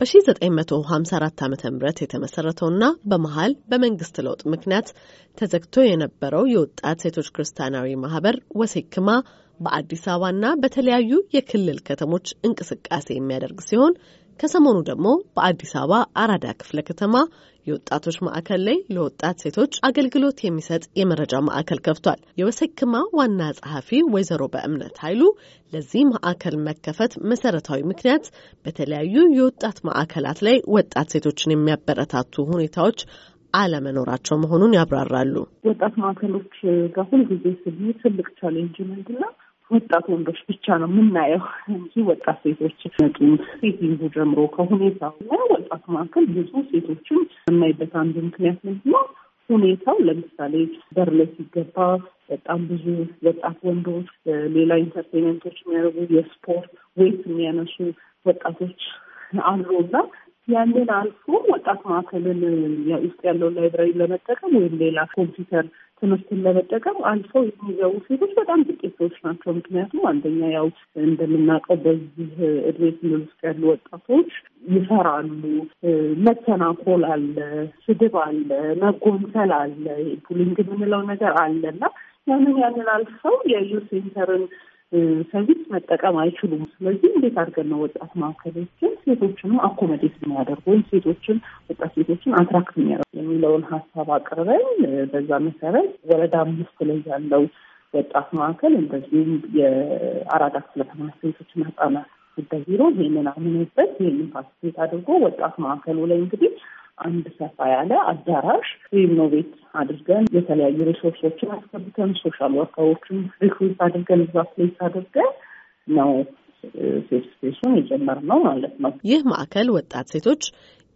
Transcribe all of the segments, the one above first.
በ1954 ዓ ም የተመሠረተውና በመሃል በመንግስት ለውጥ ምክንያት ተዘግቶ የነበረው የወጣት ሴቶች ክርስቲያናዊ ማህበር ወሴክማ በአዲስ አበባና በተለያዩ የክልል ከተሞች እንቅስቃሴ የሚያደርግ ሲሆን ከሰሞኑ ደግሞ በአዲስ አበባ አራዳ ክፍለ ከተማ የወጣቶች ማዕከል ላይ ለወጣት ሴቶች አገልግሎት የሚሰጥ የመረጃ ማዕከል ከፍቷል። የወሰክማ ዋና ጸሐፊ ወይዘሮ በእምነት ኃይሉ ለዚህ ማዕከል መከፈት መሰረታዊ ምክንያት በተለያዩ የወጣት ማዕከላት ላይ ወጣት ሴቶችን የሚያበረታቱ ሁኔታዎች አለመኖራቸው መሆኑን ያብራራሉ። ወጣት ማዕከሎች ጋር ሁልጊዜ ስንሄድ ትልቅ ቻሌንጅ ምንድን ነው? ወጣት ወንዶች ብቻ ነው የምናየው እንጂ ወጣት ሴቶች ሴቲንጉ ጀምሮ ከሁኔታው ወጣት መካከል ብዙ ሴቶችን የማይበት አንዱ ምክንያት ምንድነው? ሁኔታው ለምሳሌ በር ላይ ሲገባ በጣም ብዙ ወጣት ወንዶች፣ ሌላ ኢንተርቴንመንቶች የሚያደርጉ የስፖርት ዌት የሚያነሱ ወጣቶች አሉ እና ያንን አልፎ ወጣት ማዕከልን ውስጥ ያለውን ላይብራሪ ለመጠቀም ወይም ሌላ ኮምፒውተር ትምህርትን ለመጠቀም አልፈው የሚገቡ ሴቶች በጣም ጥቂት ሰዎች ናቸው። ምክንያቱም አንደኛ ያው እንደምናውቀው በዚህ እድሜ ክልል ውስጥ ያሉ ወጣቶች ይፈራሉ። መተናኮል አለ፣ ስድብ አለ፣ መጎንተል አለ፣ ቡሊንግ የምንለው ነገር አለ እና ያንን ያንን አልፈው የዩ ሴንተርን ሰርቪስ መጠቀም አይችሉም። ስለዚህ እንዴት አድርገን ነው ወጣት ማዕከሎችን ሴቶችን አኮመዴት የሚያደርጉ ወይም ሴቶችን ወጣት ሴቶችን አትራክት የሚያደርጉ የሚለውን ሀሳብ አቅርበን በዛ መሰረት ወረዳ አምስት ላይ ያለው ወጣት ማዕከል እንደዚሁም የአራዳ ክፍለ ከተማ ሴቶችና ህጻናት ጉዳይ ቢሮ ይህንን አምኖበት ይህንን ፋሲሊቴት አድርጎ ወጣት ማዕከሉ ላይ እንግዲህ አንድ ሰፋ ያለ አዳራሽ ሪኖቬት አድርገን የተለያዩ ሪሶርሶችን አስገብተን ሶሻል ወርከሮችን ሪክሩት አድርገን እዛ ፕሌስ አድርገን ነው ሴፍ ስፔሱን የጀመርነው ማለት ነው። ይህ ማዕከል ወጣት ሴቶች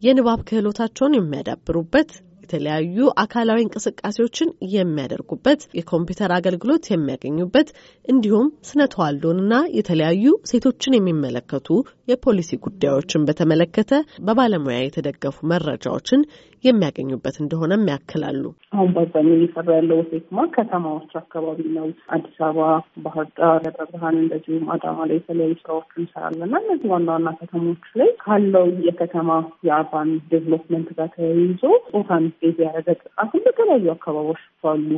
የንባብ ክህሎታቸውን የሚያዳብሩበት የተለያዩ አካላዊ እንቅስቃሴዎችን የሚያደርጉበት የኮምፒውተር አገልግሎት የሚያገኙበት እንዲሁም ስነ ተዋልዶንና የተለያዩ ሴቶችን የሚመለከቱ የፖሊሲ ጉዳዮችን በተመለከተ በባለሙያ የተደገፉ መረጃዎችን የሚያገኙበት እንደሆነም ያክላሉ። አሁን በአብዛኛው እየሰራ ያለው ሴክማ ከተማዎች አካባቢ ነው። አዲስ አበባ፣ ባህር ዳር፣ ደብረ ብርሃን እንደዚሁም አዳማ ላይ የተለያዩ ስራዎች እንሰራለን እና እነዚህ ዋና ዋና ከተሞች ላይ ካለው የከተማ የአርባን ዴቨሎፕመንት ጋር ተያይዞ ጾታን ቤዝ ያደረገ ጥቃትን በተለያዩ አካባቢዎች ባሉ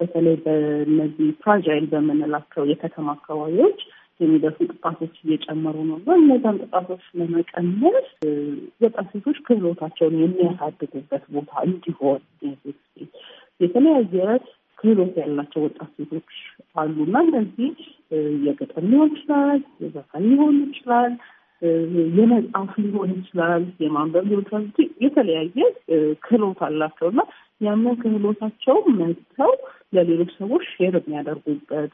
በተለይ በነዚህ ፕራጃይል በምንላቸው የከተማ አካባቢዎች የሚደርሱ ጥቃቶች እየጨመሩ ነው እና እነዛን ጥቃቶች ለመቀነስ ወጣት ሴቶች ክህሎታቸውን የሚያሳድጉበት ቦታ እንዲሆን የተለያየ ክህሎት ያላቸው ወጣት ሴቶች አሉ እና እነዚህ የገጠም ሊሆን ይችላል፣ የዘፈን ሊሆን ይችላል፣ የመጽሐፍ ሊሆን ይችላል፣ የማንበብ ሊሆን ይችላል። የተለያየ ክህሎት አላቸው እና ያንን ክህሎታቸው መጥተው ለሌሎች ሰዎች ሼር የሚያደርጉበት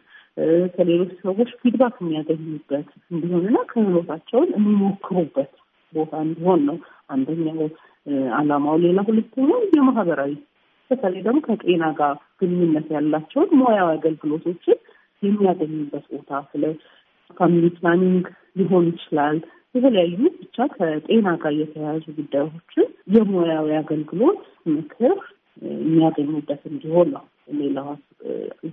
ከሌሎች ሰዎች ፊድባክ የሚያገኙበት እንዲሆንና ክህሎታቸውን የሚሞክሩበት ቦታ እንዲሆን ነው አንደኛው አላማው ሌላ ሁለተኛው የማህበራዊ በተለይ ደግሞ ከጤና ጋር ግንኙነት ያላቸውን ሙያዊ አገልግሎቶችን የሚያገኙበት ቦታ ስለ ፋሚሊ ፕላኒንግ ሊሆን ይችላል። የተለያዩ ብቻ ከጤና ጋር የተያያዙ ጉዳዮችን የሙያዊ አገልግሎት ምክር የሚያገኙበት እንዲሆን ነው ሌላዋ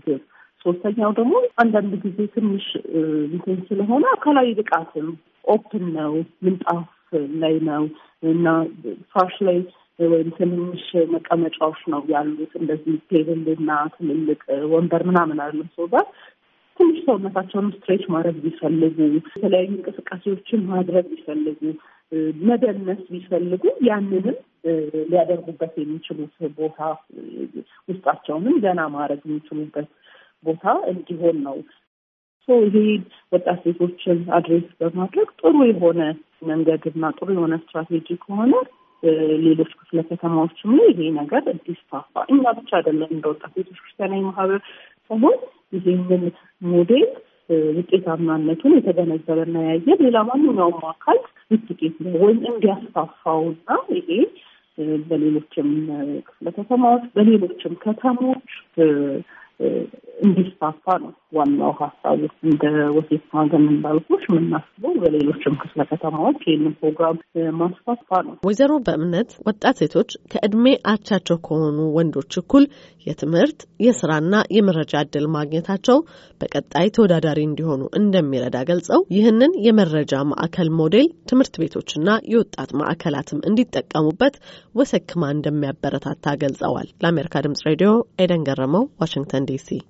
ግብ ሶስተኛው ደግሞ አንዳንድ ጊዜ ትንሽ እንትን ስለሆነ አካላዊ ብቃትም ኦፕን ነው፣ ምንጣፍ ላይ ነው እና ፋሽ ላይ ወይም ትንንሽ መቀመጫዎች ነው ያሉት። እንደዚህ ቴብል እና ትልልቅ ወንበር ምናምን አለ ሰው ጋር ትንሽ ሰውነታቸውን ስትሬች ማድረግ ቢፈልጉ የተለያዩ እንቅስቃሴዎችን ማድረግ ቢፈልጉ መደነስ ቢፈልጉ ያንንም ሊያደርጉበት የሚችሉት ቦታ ውስጣቸውንም ገና ማድረግ የሚችሉበት ቦታ እንዲሆን ነው። ይሄ ወጣት ሴቶችን አድሬስ በማድረግ ጥሩ የሆነ መንገድና ጥሩ የሆነ ስትራቴጂ ከሆነ ሌሎች ክፍለ ከተማዎችም ላይ ይሄ ነገር እንዲስፋፋ እኛ ብቻ አይደለም እንደ ወጣት ሴቶች ክርስቲያናዊ ማህበር ሳይሆን ይሄንን ሞዴል ውጤታማነቱን የተገነዘበና ያየ ሌላ ማንኛውም አካል ውጤት ነው ወይም እንዲያስፋፋውና ይሄ በሌሎችም ክፍለ ከተማዎች በሌሎችም ከተሞች እንዲስፋፋ ነው ዋናው ሀሳቡ። እንደ ወሴት ሀገን እንዳልኩሽ የምናስበው በሌሎችም ክፍለ ከተማዎች ይህንን ፕሮግራም ማስፋፋ ነው። ወይዘሮ በእምነት ወጣት ሴቶች ከእድሜ አቻቸው ከሆኑ ወንዶች እኩል የትምህርት የስራና የመረጃ እድል ማግኘታቸው በቀጣይ ተወዳዳሪ እንዲሆኑ እንደሚረዳ ገልጸው ይህንን የመረጃ ማዕከል ሞዴል ትምህርት ቤቶችና የወጣት ማዕከላትም እንዲጠቀሙበት ወሰክማ እንደሚያበረታታ ገልጸዋል። ለአሜሪካ ድምጽ ሬዲዮ ኤደን ገረመው፣ ዋሽንግተን ዲሲ